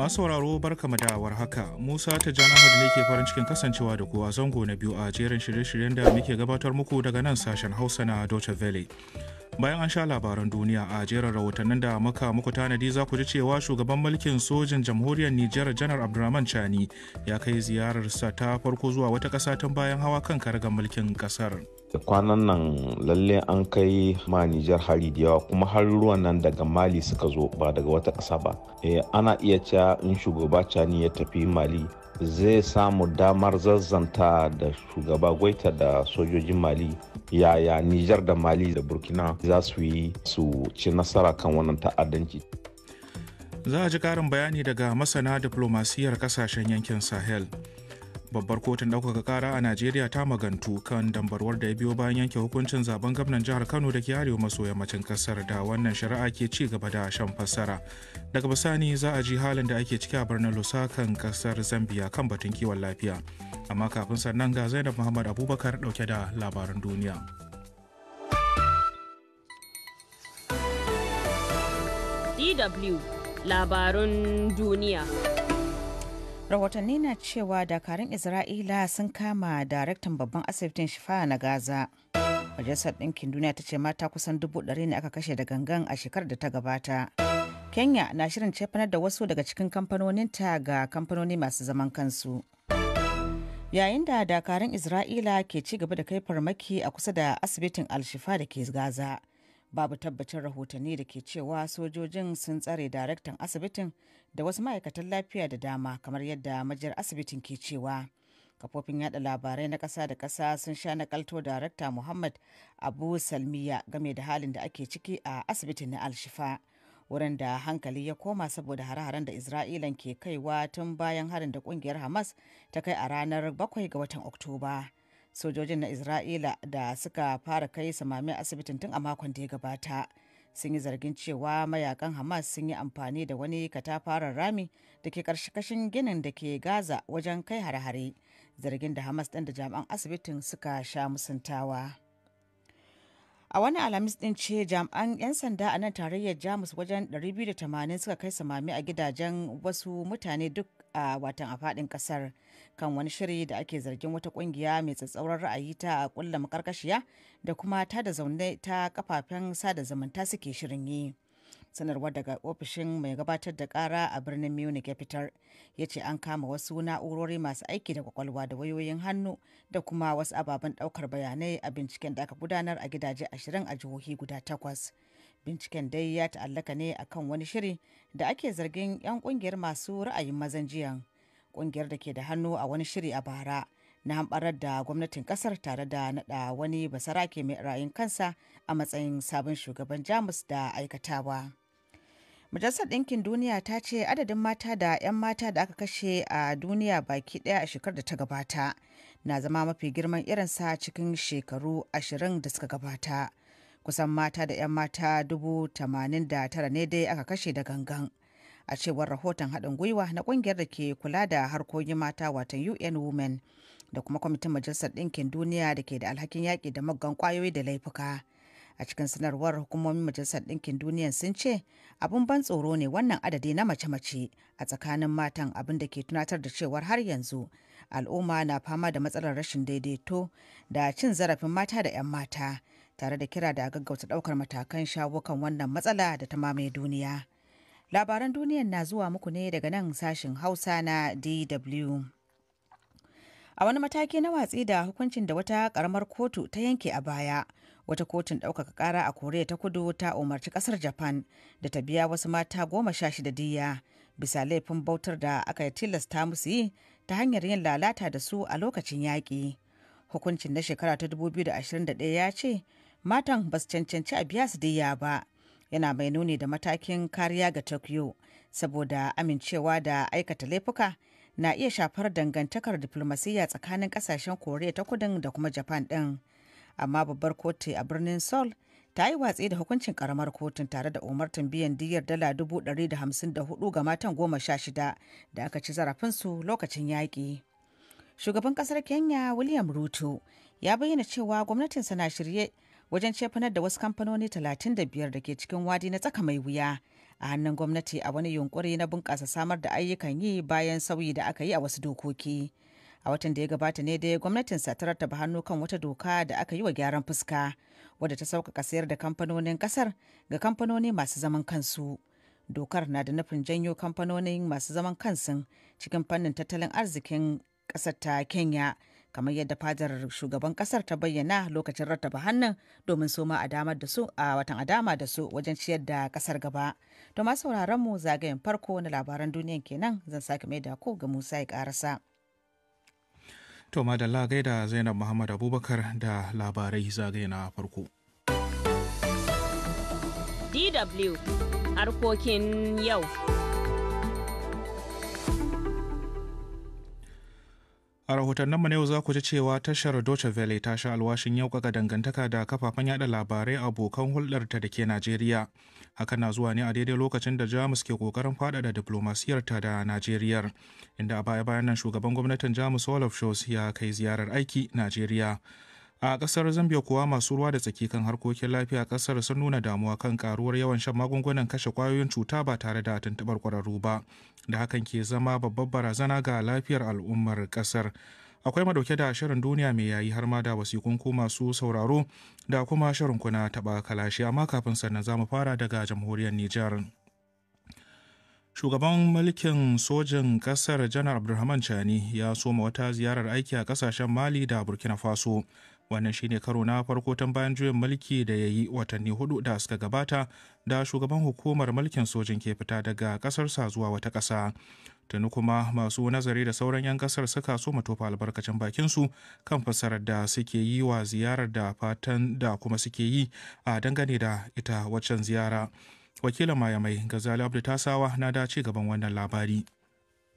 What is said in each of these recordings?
Masu sauraro barkamu da haka Musa ta jana Ahmad ne ke farin cikin kasancewa da kuwa zango na biyu a jerin shirye-shiryen da muke gabatar muku daga nan sashen Hausa na Deutsche valley. bayan an sha labaran duniya a jerin rahotannin da maka muku tanadi za ku ji cewa shugaban mulkin sojin jamhuriyar nijar janar abdulrahman chani ya kai ziyararsa ta farko zuwa wata kasa tun bayan hawa kan karagar mulkin ƙasar. kwanan nan lalle an kai ma Nijar hari da yawa kuma har ruwan nan daga Mali suka zo ba daga wata ƙasa ba. E, ana iya cewa in shugaba Cani ya tafi Mali zai samu damar zazzanta da shugaba Gwaita da sojojin Mali yaya Nijar da Mali da Burkina za su yi su ci nasara kan wannan ta'addanci. Za a ji karin bayani daga masana diplomasiyar kasashen yankin Sahel. babbar kotun ɗaukaka ƙara a najeriya ta magantu kan dambarwar da ya biyo bayan yanke hukuncin zaben gwamnan jihar kano da ke arewa maso yammacin kasar da wannan shari'a ke ci gaba da shan fassara daga bisani za a ji halin da ake ciki a birnin lusakan ƙasar zambia kan batun kiwon lafiya amma kafin sannan ga zainab muhammad abubakar ɗauke da labaran duniya dw labarun duniya rahotanni na cewa dakarun isra'ila sun kama daraktan babban asibitin shifa na gaza majalisar ɗinkin duniya ta ce mata kusan dubu ɗari ne aka kashe da gangan a shekarar da ta gabata kenya na shirin cefanar da wasu daga cikin kamfanoninta ga kamfanoni masu zaman kansu yayin da dakarun isra'ila ke ci gaba da kai farmaki a kusa da asibitin alshifa da ke gaza babu tabbacin rahotanni da ke cewa sojojin sun tsare daraktan asibitin da wasu ma'aikatan lafiya da dama kamar yadda majiyar asibitin ke cewa kafofin yada labarai na ƙasa da ƙasa sun sha nakalto darakta muhammad abu salmiya game da halin da ake ciki a asibitin na alshifa wurin da hankali ya koma saboda hare-haren da isra'ilan ke kaiwa tun bayan harin da kungiyar hamas ta kai a ranar 7 ga watan oktoba sojojin na isra'ila da suka fara kai samami asibitin tun a makon da ya gabata sun yi zargin cewa mayakan hamas sun yi amfani da wani katafaren rami da ke karshe karshe-kashin ginin da ke gaza wajen kai hare-hare zargin da hamas ɗin da jami'an asibitin suka sha musantawa. A wani Alhamis din ce jami'an 'yan sanda a nan tarayyar Jamus wajen 280 suka kai samami a gidajen wasu mutane duk a watan a faɗin ƙasar kan wani shiri da ake zargin wata ƙungiya mai tsatsauran ra'ayi ta kulla makarkashiya da kuma ta da zaune ta kafafen sada zumunta suke shirin yi. sanarwar daga ofishin mai gabatar da kara a birnin munich ya fitar ya ce an kama wasu na'urori masu aiki da kwakwalwa da wayoyin hannu da kuma wasu ababen daukar bayanai a binciken da aka gudanar a gidaje ashirin a jihohi guda takwas binciken dai ya ta'allaka ne akan wani shiri da ake zargin 'yan kungiyar masu ra'ayin mazan jiyan kungiyar da ke da hannu a wani shiri a bara na hamɓarar da gwamnatin ƙasar tare da naɗa wani basarake mai ra'ayin kansa a matsayin sabon shugaban jamus da aikatawa. Majalisar Ɗinkin Duniya ta ce adadin mata da 'yan mata da aka kashe a duniya baki ɗaya a shekarar da ta gabata na zama mafi girman irin sa cikin shekaru ashirin da suka gabata. Kusan mata da 'yan mata dubu tamanin da tara ne dai aka kashe da gangan. A cewar rahoton haɗin gwiwa na ƙungiyar da ke kula da harkokin mata watan UN Women da kuma kwamitin Majalisar Ɗinkin Duniya da ke da alhakin yaƙi da muggan ƙwayoyi da laifuka. a cikin sanarwar hukumomin majalisar ɗinkin duniya sun ce abin ban tsoro ne wannan adadi na mace-mace a tsakanin matan abin da ke tunatar da cewar har yanzu al'umma na fama da matsalar rashin daidaito da cin zarafin mata da 'yan mata tare da kira da gaggauta ɗaukar matakan shawo kan wannan matsala da ta mamaye duniya labaran duniyan na zuwa muku ne daga nan sashin hausa na dw a wani mataki na watsi da hukuncin da wata karamar kotu ta yanke a baya wata kotun ɗaukaka ƙara a koriya ta kudu ta umarci ƙasar japan da ta biya wasu mata goma sha shida diya bisa laifin bautar da aka yi tilasta musu yi ta hanyar yin lalata da su a lokacin yaƙi hukuncin na shekara ta da 2021 ya ce matan ba su cancanci a biya su diya ba yana mai nuni da matakin kariya ga tokyo saboda amincewa da aikata laifuka na iya shafar dangantakar diflomasiyya tsakanin kasashen koriya ta kudin da kuma japan ɗin. amma babbar kotu a birnin seoul ta yi watsi da hukuncin karamar kotun tare da umartin biyan diyar dala dubu ɗari da hamsin da hudu ga matan goma sha shida da aka ci zarafinsu lokacin yaƙi. Shugaban ƙasar Kenya William Ruto ya bayyana cewa gwamnatinsa na shirye wajen cefanar da wasu kamfanoni 35 da ke cikin wadi na tsaka mai wuya a hannun gwamnati a wani yunkuri na bunƙasa samar da ayyukan yi bayan sauyi da aka yi a wasu dokoki. a watan da ya gabata ne dai gwamnatin sa ta rattaba hannu kan wata doka da aka yi wa gyaran fuska wadda ta sauƙaƙa sayar da kamfanonin ƙasar ga kamfanoni masu zaman kansu dokar na da nufin janyo kamfanonin masu zaman kansu cikin fannin tattalin arzikin ƙasar ta kenya kamar yadda fadar shugaban ƙasar ta bayyana lokacin rattaba hannu domin soma a damar da su a watan adama da su wajen ciyar da ƙasar gaba to masu mu zagayen farko na labaran duniyan kenan zan sake mai da ku ga musa ya ƙarasa. To lagai da Zainab Muhammad Abubakar da labarai zagaye na farko. DW harkokin yau. A rahotanninmu na yau za ku ji cewa tashar Deutsche Welle ta sha alwashin yaukaka dangantaka da kafafen yada labarai abokan hulɗarta da ke Najeriya. Hakan na zuwa ne a daidai lokacin da Jamus ke ƙoƙarin faɗaɗa diplomasiyarta da Najeriya, inda a baya-bayan nan shugaban gwamnatin Jamus Olaf Scholz ya kai ziyarar aiki Najeriya. a kasar zambia kuwa masu ruwa da tsaki kan harkokin lafiya kasar sun nuna damuwa kan karuwar yawan shan magungunan kashe kwayoyin cuta ba tare da tuntubar kwararru ba da hakan ke zama babbar barazana ga lafiyar al'ummar kasar akwai madauke da shirin duniya mai yayi har ma da wasikun ku masu sauraro da kuma shirin kuna taba kalashi amma kafin sannan zamu fara daga jamhuriyar nijar shugaban mulkin sojin ƙasar janar abdulrahman chani ya soma wata ziyarar aiki a kasashen mali da burkina faso wannan shine karo na farko ta bayan juyin mulki da ya yi watanni hudu da suka gabata da shugaban hukumar mulkin sojin ke fita daga kasarsa zuwa wata kasa tuni kuma masu nazari da sauran 'yan kasar suka so mu tofa albarkacin bakinsu kan fassarar da suke yi wa ziyarar da fatan da kuma suke yi a dangane da ita waccan ziyara wakilin mayamai gazali abdu tasawa na dace gaban wannan labari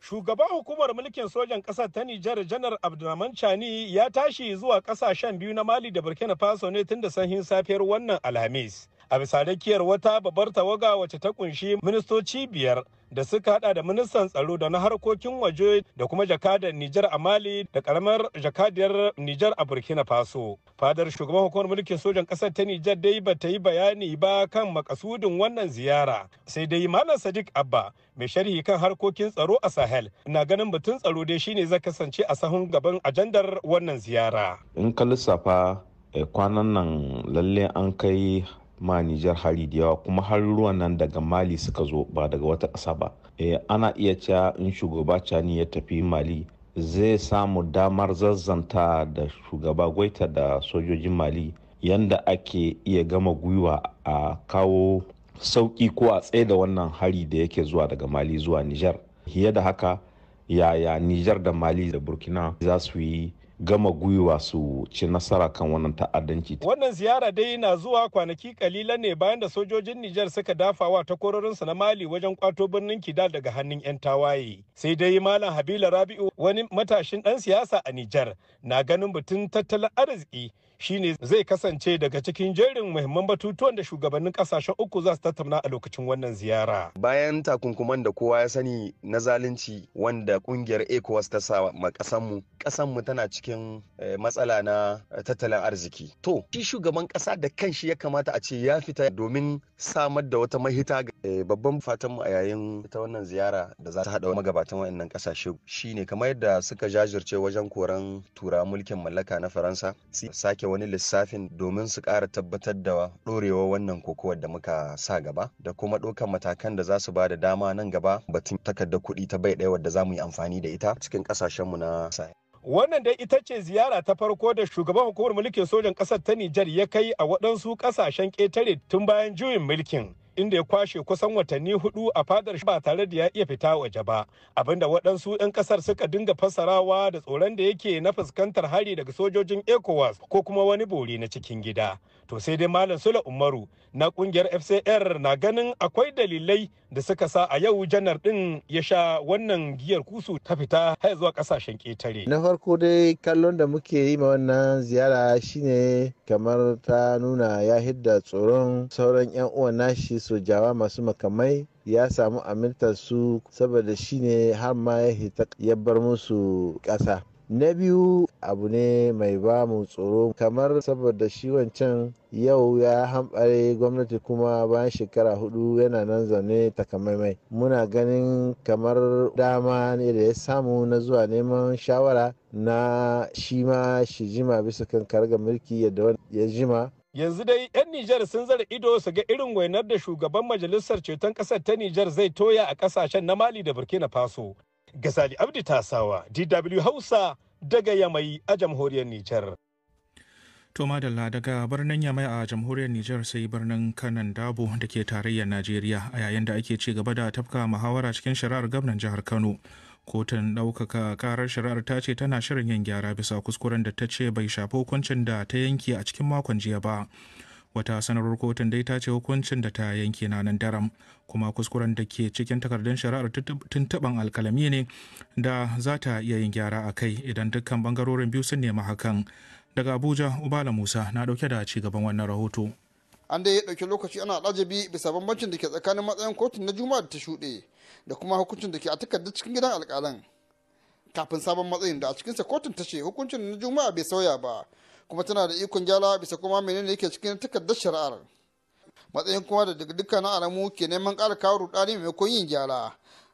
Shugaban hukumar mulkin sojan ƙasar ta Nijar Janar Abdulrahman Chani ya tashi zuwa ƙasashen biyu na Mali da Burkina Faso ne tun da sanhin safiyar wannan Alhamis. A bisa dakiyar wata babbar tawaga wacce ta kunshi ministoci biyar da suka hada da ministan tsaro da na harkokin waje da kuma jakadar Nijar a Mali da karamar jakadiyar Nijar a Burkina Faso. Fadar shugaban hukumar mulkin sojan ƙasar ta Nijar dai ba ta yi bayani ba kan makasudin wannan ziyara. Sai dai Malam Sadiq Abba mai sharhi kan harkokin tsaro a Sahel na ganin batun tsaro dai shine zai kasance a sahun gaban ajandar wannan ziyara. In ka lissafa eh, kwanan nan lalle an kai ma Nijar hari da yawa kuma har ruwan nan daga Mali suka zo ba daga wata ƙasa ba. E, ana iya cewa in shugaba Cani ya tafi Mali zai samu damar zazzanta da shugaba gwaita da sojojin Mali yanda ake iya gama gwiwa a kawo sauƙi ko a tsaye da wannan hari da yake zuwa daga Mali zuwa Nijar. Hiye da haka yaya Nijar da Mali da Burkina za su yi gama gwiwa su ci nasara kan wannan ta'addanci. Wannan ziyara dai na zuwa kwanaki kalilan ne bayan da sojojin Nijar suka dafawa takwarorinsu na Mali wajen kwato birnin Kidal daga hannun 'yan tawaye. Sai dai Malam Habila Rabi'u wani matashin ɗan siyasa a Nijar na ganin batun tattalin arziki shine zai kasance daga cikin jerin muhimman batutuwan da shugabannin kasashen uku za su tattauna a lokacin wannan ziyara. Bayan takunkuman da kowa ya sani na zalunci wanda kungiyar ECOWAS ta sa ma ƙasanmu mu tana cikin eh, matsala na tattalin arziki. To, shi shugaban kasa da kanshi ya kamata a ce ya fita domin samar da wata mahita ga Eh, babban fatanmu a yayin ta wannan ziyara da za ta haɗa magabatan waɗannan ƙasashe shine kamar yadda suka jajirce wajen koran tura mulkin mallaka na faransa su sake wani lissafin domin su ƙara tabbatar da ɗorewa wannan kokowar da muka sa gaba da kuma ɗaukar matakan da za su ba da dama nan gaba batun takardar kuɗi ta bai ɗaya wadda za mu yi amfani da ita cikin ƙasashenmu na sahel wannan dai ita ce ziyara ta farko da shugaban hukumar mulkin sojan ƙasar ta Nijar ya kai a waɗansu ƙasashen ƙetare tun bayan juyin mulkin inda ya kwashe kusan watanni hudu a fadar ba tare da ya iya fita waje ba abinda waɗansu 'yan ƙasar suka dinga fassarawa da tsoron da yake na fuskantar hari daga sojojin ecowas ko kuma wani bori na cikin gida to sai dai malam sula umaru na ƙungiyar fcr na ganin akwai dalilai da suka sa a yau janar din ya sha wannan giyar kusu ta fita har zuwa kasashen ketare. Na farko dai kallon da muke yi ma wannan ziyara shine kamar ta nuna ya hidda tsoron sauran 'yan uwan nashi su jawa masu makamai ya samu amintar su saboda shine har ma ya bar musu ƙasa. na biyu abu ne mai ba mu tsoro kamar saboda shi wancan yau ya hambare gwamnati kuma bayan shekara hudu yana nan zaune takamaimai muna ganin kamar dama ne da ya samu na zuwa neman shawara na shi ma shi jima bisa kan karga mulki yadda ya jima yanzu dai 'yan Nijar sun zara ido su ga irin wainar da shugaban majalisar ceton ƙasar ta Nijar zai toya a ƙasashen na Mali da Burkina Faso Gasali Abdi Tasawa, DW Hausa daga Yamai a jamhuriyar Nijar. To madalla daga birnin Yamai a jamhuriyar Nijar sai birnin Kanan Dabo da ke tarayyar Najeriya a yayin da ake ci gaba da tafka muhawara cikin shari'ar gwamnan jihar Kano. Kotun ɗaukaka karar shari'ar ta ce tana shirin yin gyara bisa kuskuren da ta ce bai shafi hukuncin da ta yanke a cikin makon jiya ba. wata sanarwar kotun dai ta ce hukuncin da ta yanke na nan daram kuma kuskuren da ke cikin takardun shari'ar tuntuban alkalami ne da za ta iya yin gyara a kai idan dukkan bangarorin biyu sun nemi hakan daga abuja ubala musa na ɗauke da ci gaban wannan rahoto an dai ya ɗauki lokaci ana bi bisa bambancin da ke tsakanin matsayin kotun na juma'a da ta shuɗe da kuma hukuncin da ke a takarda cikin gidan alƙalan kafin sabon matsayin da a cikinsa kotun ta ce hukuncin na juma'a bai sauya ba kuma tana da ikon jala bisa kuma menene yake cikin takardar shari'ar matsayin kuma da daga dukkan alamu ke neman ƙara kawo rudani maimakon yin gyara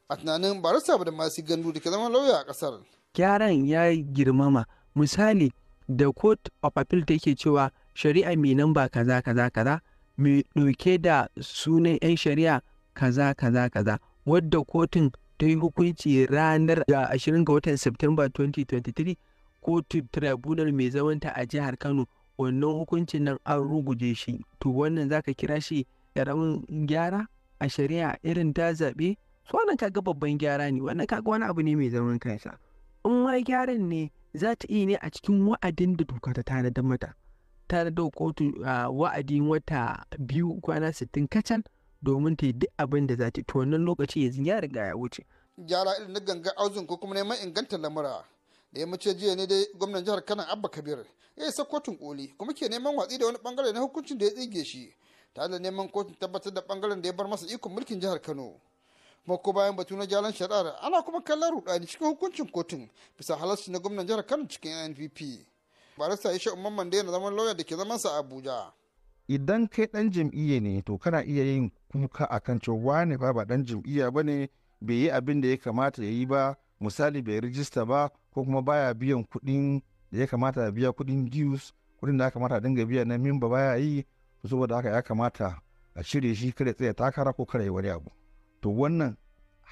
a tunanin barista da masu gandu da ke zama lauya a ƙasar. gyaran ya girmama misali da court of appeal take cewa shari'a mai namba kaza kaza kaza mai ɗauke da sunan 'yan shari'a kaza kaza kaza wadda kotun ta yi hukunci ranar da 20 ga watan september 2023 kotun tribunal mai zamanta a jihar kano wannan hukuncin nan an ruguje shi to wannan zaka kira shi karamin gyara a shari'a irin ta zaɓe so wannan kaga babban gyara ne wannan kaga wani abu ne mai zaman kansa in wani gyaran ne za ta iya ne a cikin wa'adin da doka ta tanadar mata tanadar kotu wa'adin wata biyu kwana sittin kacal domin ta yi duk abin da za ta to wannan lokaci yanzu ya riga ya wuce gyara irin na ganga auzun ko kuma neman inganta lamura da eh, ya mace jiya ne dai gwamnan jihar kano abba kabir ya isa kotun koli kuma ke neman watsi da wani bangare na hukuncin da ya tsige shi tare da neman kotun tabbatar da bangaren da ya bar masa ikon mulkin jihar kano kuma ko bayan batu na jalan shari'ar ana kuma kallon rudani cikin hukuncin kotun bisa halarci na gwamnan jihar kano cikin npp barista sha umar mande na zaman lauya da ke zaman sa abuja idan kai dan jam'iyya ne to kana iya yin kuka akan cewa ne ba ba dan jam'iyya bane bai yi abin da ya kamata ya yi ba misali bai rijista ba ko kuma baya biyan kuɗin da ya kamata a biya kuɗin dues kuɗin da ya kamata a dinga biya na mimba baya yi saboda haka ya kamata a shirya shi kada tsaya takara ko kada yi wani abu to wannan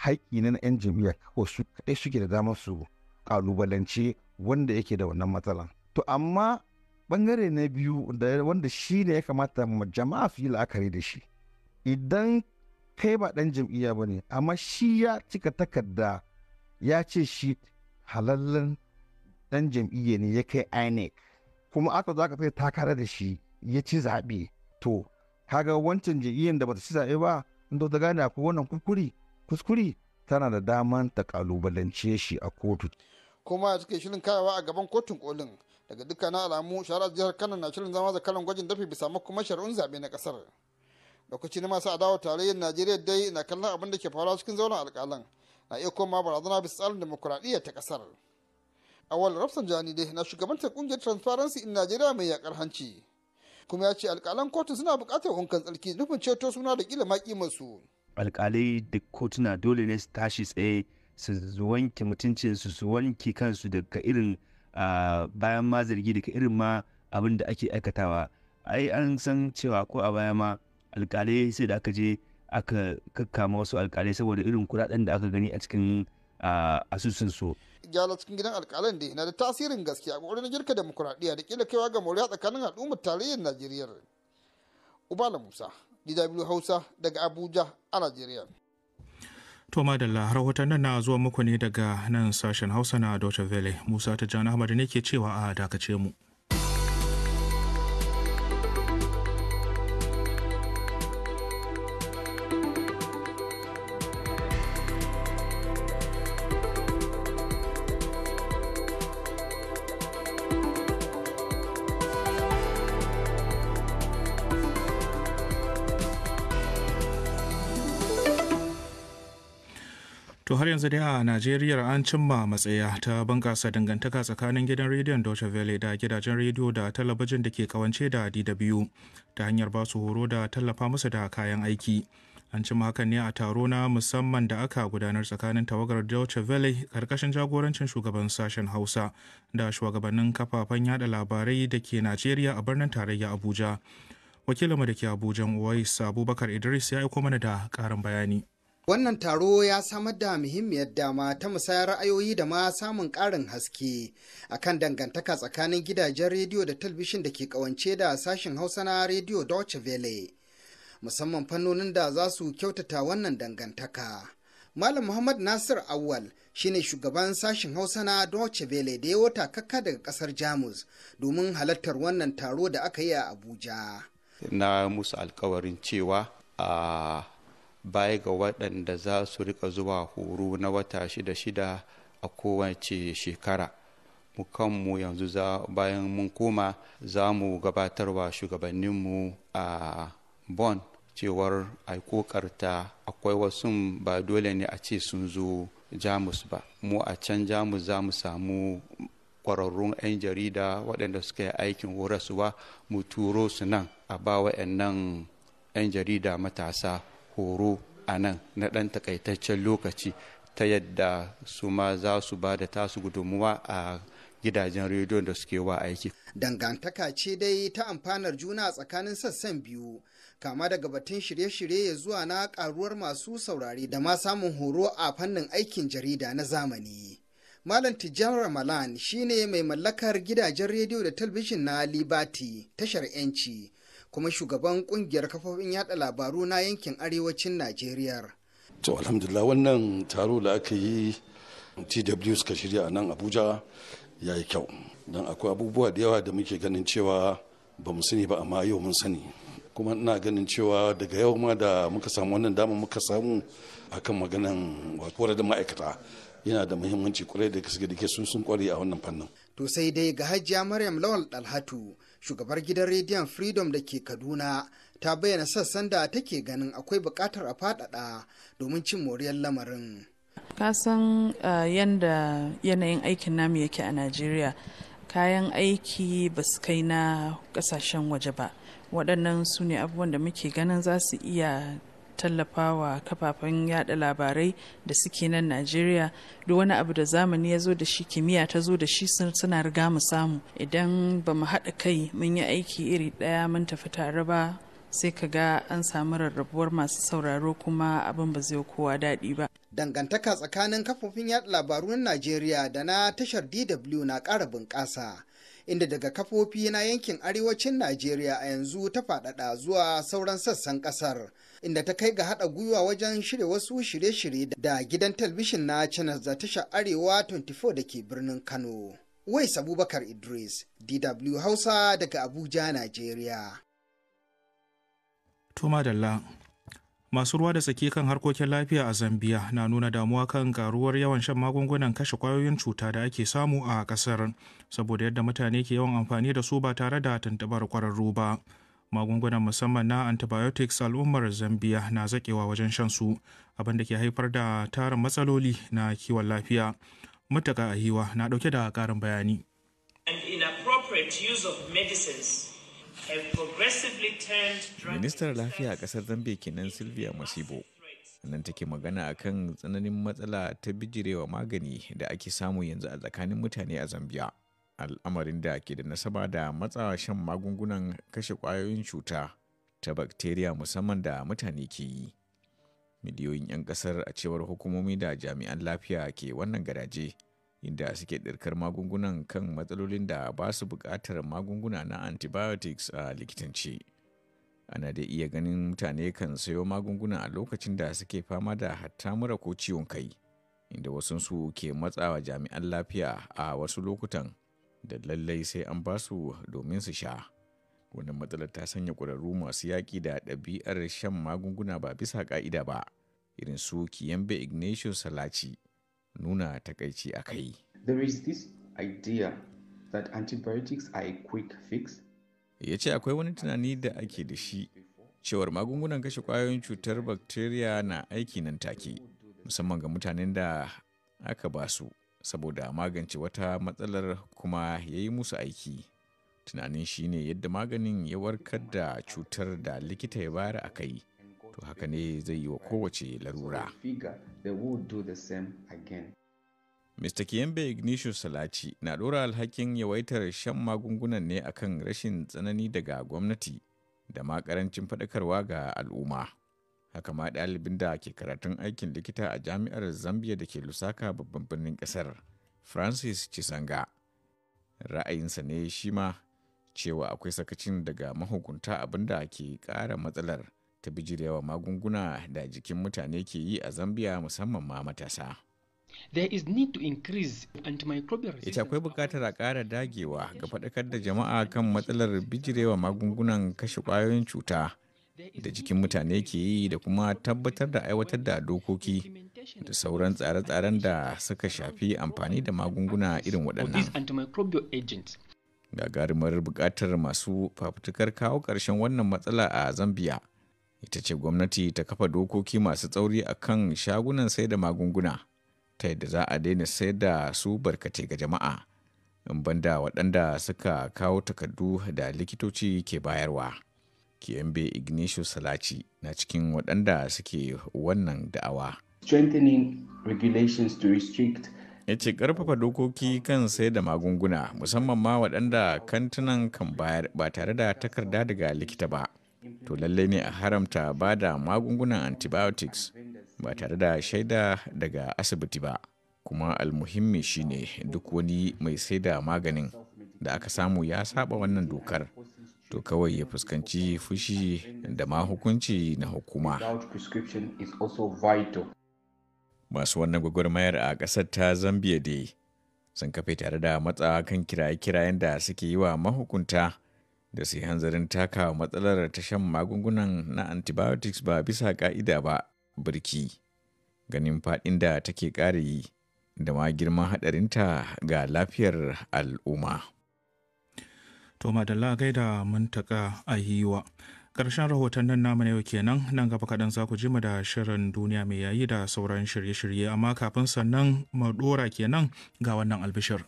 haƙƙi ne na 'yan jam'iyyar ko su kaɗai suke da damar su ƙalubalance wanda yake da wannan matsalan to amma bangare na biyu da wanda shi ne ya kamata jama'a su yi la'akari da shi idan kai ba ɗan jam'iyya ba ne amma shi ya cika takarda ya ce shi halallen dan jam'iyya ne ya kai INEC kuma aka zaka fita sai takara da shi ya ci zaɓe to kaga wancan jam'iyyar da bata ci zaɓe ba in ta gane akwai wannan kuskuri kuskuri tana da daman ta kalubalance shi a kotu kuma suke shirin kayawa a gaban kotun kolin daga dukkanin alamu sharar jihar kano na shirin zama zakaran gwajin dafi bisa kuma shari'un zaɓe na ƙasar lokaci na masu adawa tarayyar najeriya dai na kallon abin da ke faruwa cikin zauren alƙalan na iya koma barazana bisa tsarin demokuraɗiyya ta ƙasar awal jani dai na shugabantar ƙungiyar transparency in najeriya mai yakar hanci kuma ya ce alƙalan kotu suna buƙatar wankan tsarki nufin ceto suna da ƙila maƙi masu alƙalai da kotuna dole ne su tashi tsaye su wanke mutuncinsu su wanke kansu daga irin bayan ma zargi daga irin ma abin da ake aikatawa ai an san cewa ko a baya ma alkalai sai da aka je aka kakkama wasu alkalai saboda irin kuɗaɗen da aka gani a cikin asusun su. gyala cikin gidan alkalan da yana da tasirin gaske a ƙoƙarin girka demokuraɗiyya da kila kaiwa ga moriya tsakanin al'ummar tarayyar najeriya ubala musa dw hausa daga abuja a najeriya To madalla rahoton nan na zuwa muku ne daga nan sashen Hausa na Deutsche Vele Musa ta Jan Ahmad ne ke cewa a dakace mu. To har yanzu dai a Najeriya an cimma matsaya ta bunƙasa dangantaka tsakanin gidan rediyon Deutsche Welle da gidajen rediyo da talabijin da ke kawance da DW ta hanyar ba su horo da tallafa musu da kayan aiki. An cimma hakan ne a taro na musamman da aka gudanar tsakanin tawagar Deutsche Welle karkashin jagorancin shugaban sashen Hausa da shugabannin kafafen yada labarai da ke Najeriya a birnin tarayya Abuja. Wakilinmu da ke Abuja Uwais Abubakar Idris ya aiko mana da ƙarin bayani. Wannan taro ya samar da muhimmiyar dama ta musayar ra'ayoyi da ma samun ƙarin haske a kan dangantaka tsakanin gidajen rediyo da talbishin da ke kawance da sashen Hausa na rediyo Deutsche Welle, musamman fannonin da za su kyautata wannan dangantaka. Malam Muhammad Nasir Awal shine shugaban sashen Hausa na Deutsche Welle da ya wata kakka daga ƙasar Jamus domin halartar wannan taro da aka yi a Abuja. Na musu alkawarin cewa ah, baya ga waɗanda za su rika zuwa horo na wata shida-shida a kowace shekara mu kanmu yanzu bayan mun koma za mu gabatarwa shugabanninmu a bon cewar a akwai wasu ba dole ne a ce sun zo jamus ba mu a can jamus za mu samu kwararrun 'yan jarida waɗanda suka yi aikin horaswa mu turo su nan a ba nan 'yan jarida matasa horo a nan na ɗan takaitaccen lokaci ta yadda su ma za su ba da tasu gudunmuwa a gidajen rediyon da suke wa aiki. Dangantaka ce dai ta amfanar juna tsakanin sassan biyu, kama daga batun shirye-shirye ya zuwa na karuwar masu saurare da ma samun horo a fannin aikin jarida na zamani. Malam Tijjan Ramalan shine mai mallakar gidajen rediyo da talbijin na Libati, tashar 'yanci. kuma shugaban kungiyar kafofin yada labaru na yankin arewacin najeriya to alhamdulillah wannan taro da aka yi tw suka shirya a nan abuja ya yi kyau don akwai abubuwa da yawa da muke ganin cewa ba mu sani ba amma yau mun sani kuma ina ganin cewa daga yau ma da muka samu wannan dama muka samu akan maganan wakwara da ma'aikata yana da muhimmanci kwarai da gaske da ke sun sun kware a wannan fannin to sai dai ga hajjiya maryam lawal dalhatu shugabar gidan rediyon freedom da ke kaduna ta bayyana sassan da take ganin akwai bukatar a fadada domin cin moriyar lamarin kasan uh, yadda yanayin aikin namu yake a najeriya kayan aiki ba su kai na kasashen waje ba waɗannan su ne abubuwan da muke ganin za su iya tallafa wa kafafen yada labarai da suke nan najeriya duk wani abu da zamani ya zo da shi kimiyya ta zo da shi suna riga mu samu idan ba mu haɗa kai mun yi aiki iri ɗaya mun tafi tare ba sai ka ga an samu rarrabuwar masu sauraro kuma abin ba zai kowa daɗi ba. Dangantaka tsakanin kafofin yaɗa labaru na Najeriya da na tashar DW na ƙara bunƙasa. Inda daga kafofi na yankin arewacin Najeriya a yanzu ta faɗaɗa zuwa sauran sassan ƙasar. inda ta kai ga haɗa gwiwa wajen shirya wasu shirye-shirye da gidan talbishin na channel da tashar arewa 24 da ke birnin kano wais abubakar idris dw hausa daga abuja najeriya. tuma dalla masu ruwa da tsaki kan harkokin lafiya a zambiya na nuna damuwa kan garuwar yawan shan magungunan kashe kwayoyin cuta da ake samu a kasar saboda yadda mutane ke yawan amfani da su ba tare da tuntubar kwararru ba magungunan musamman na antibiotics al'ummar zambia na zakewa wajen shan su abin da ke haifar da tarin matsaloli na kiwon lafiya mutaka hiwa na dauke da karin bayani ministar lafiya a kasar zambia kenan sylvia masibo nan take magana a kan tsananin matsala ta bijirewa magani da ake samu yanzu a tsakanin mutane a zambia al'amarin da ke da nasaba da matsawa shan magungunan kashe ƙwayoyin cuta ta bakteriya musamman da mutane ke yi miliyoyin 'yan ƙasar a cewar hukumomi da jami'an lafiya ke wannan garaje, inda suke ɗirkar magungunan kan matsalolin da ba su buƙatar magunguna na antibiotics a likitanci ana da iya ganin mutane kan sayo magunguna a lokacin da suke fama da hatta mura ko ciwon kai inda wasunsu ke matsawa jami'an lafiya a wasu lokutan da lallai sai an ba su domin su sha wannan matsalar ta sanya ƙwararru masu yaƙi da ɗabi'ar shan magunguna ba bisa ƙa'ida ba irin su kiyambe ignatius salaci nuna takaici a kai there ya ce akwai wani tunani da ake da shi cewar magungunan kashe kwayoyin cutar bakteriya na aiki nan take musamman ga mutanen da aka ba su saboda magance wata matsalar kuma ya yi musu aiki tunanin shi ne yadda maganin ya warkar da cutar da likita ya bayar a kai to haka ne zai yi wa kowace larura Mr. Kiyembe Ignatius Salaci na dora alhakin yawaitar shan magungunan ne akan rashin tsanani daga gwamnati da ma karancin faɗakarwa ga al'umma. haka ma ɗalibin da ke karatun aikin likita a jami'ar zambia da ke lusaka babban birnin ƙasar francis chisanga ra'ayinsa ne shi ma cewa akwai sakacin daga mahukunta abinda ke ƙara matsalar ta bijirewa magunguna da jikin mutane ke yi a zambia musamman ma matasa There is to increase antimicrobial Ita akwai buƙatar a ƙara dagewa ga faɗakar da jama'a kan matsalar bijirewa magungunan kashe ƙwayoyin cuta da jikin mutane ke yi da kuma tabbatar da aiwatar da dokoki da sauran tsare-tsaren da suka shafi amfani da magunguna irin waɗannan. Gagarumar buƙatar masu fafutukar kawo ƙarshen wannan matsala a Zambiya ita ce gwamnati ta kafa dokoki masu tsauri a kan shagunan sai da magunguna ta yadda za a daina sayar da su barkate ga jama'a in banda waɗanda suka kawo takardu da likitoci ke bayarwa. Kiyembe Ignatius Salaci na cikin waɗanda suke wannan da'awa. Strengthening regulations to restrict ya ce ƙarfafa dokoki kan sai da magunguna musamman ma waɗanda kantunan kan bayar ba tare da takarda daga likita ba to lalle ne a haramta ba da magungunan antibiotics ba tare da shaida daga asibiti ba kuma almuhimmi shine duk wani mai sai da maganin da aka samu ya saba wannan dokar to kawai ya fuskanci fushi da ma hukunci na hukuma. Masu wannan gwagwarmayar a ƙasar ta Zambia dai sun kafe tare da matsa kan kiraye-kirayen da suke yi wa mahukunta da su hanzarin taka matsalar ta shan magungunan na antibiotics ba bisa ka'ida ba birki ganin faɗin da take ƙare da ma girman haɗarinta ga lafiyar al'umma. to madalla gaida muntaka a yiwa ƙarshen rahoton nan namu na yau kenan nan gaba kaɗan za ku ji mu da shirin duniya mai yayi da sauran shirye-shirye amma kafin sannan mu ɗora kenan ga wannan albishir.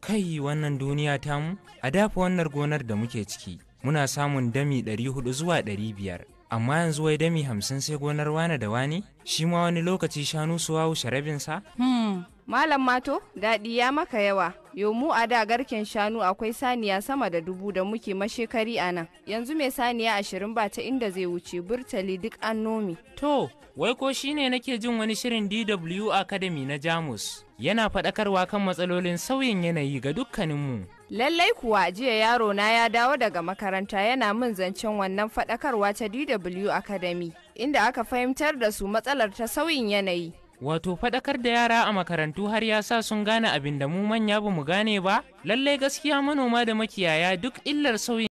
kai wannan duniya tamu a dafa wannan gonar da muke ciki muna samun dami 400 zuwa 500 amma yanzu wai dami hamsin sai gonar wane da wani shi ma wani lokaci shanu su wawu sharabinsa? Hmm. Malam Mato, daɗi ya maka yawa. Yomu a da garken shanu akwai saniya sama da dubu da muke mashekari a nan. Yanzu mai saniya ashirin ba ta inda zai wuce burtali duk an nomi. To, wai ko shine nake jin wani shirin DW Academy na Jamus. yana faɗakarwa kan matsalolin sauyin yanayi ga dukkaninmu. Lallai kuwa jiya yaro na ya dawo daga makaranta yana min zancen wannan faɗakarwa ta DW Academy inda aka fahimtar da su matsalar ta sauyin yanayi. Wato faɗakar da yara a makarantu har ya sa sun gane abin da mu manya ba mu gane ba? Lallai gaskiya manoma da makiyaya duk illar sauyin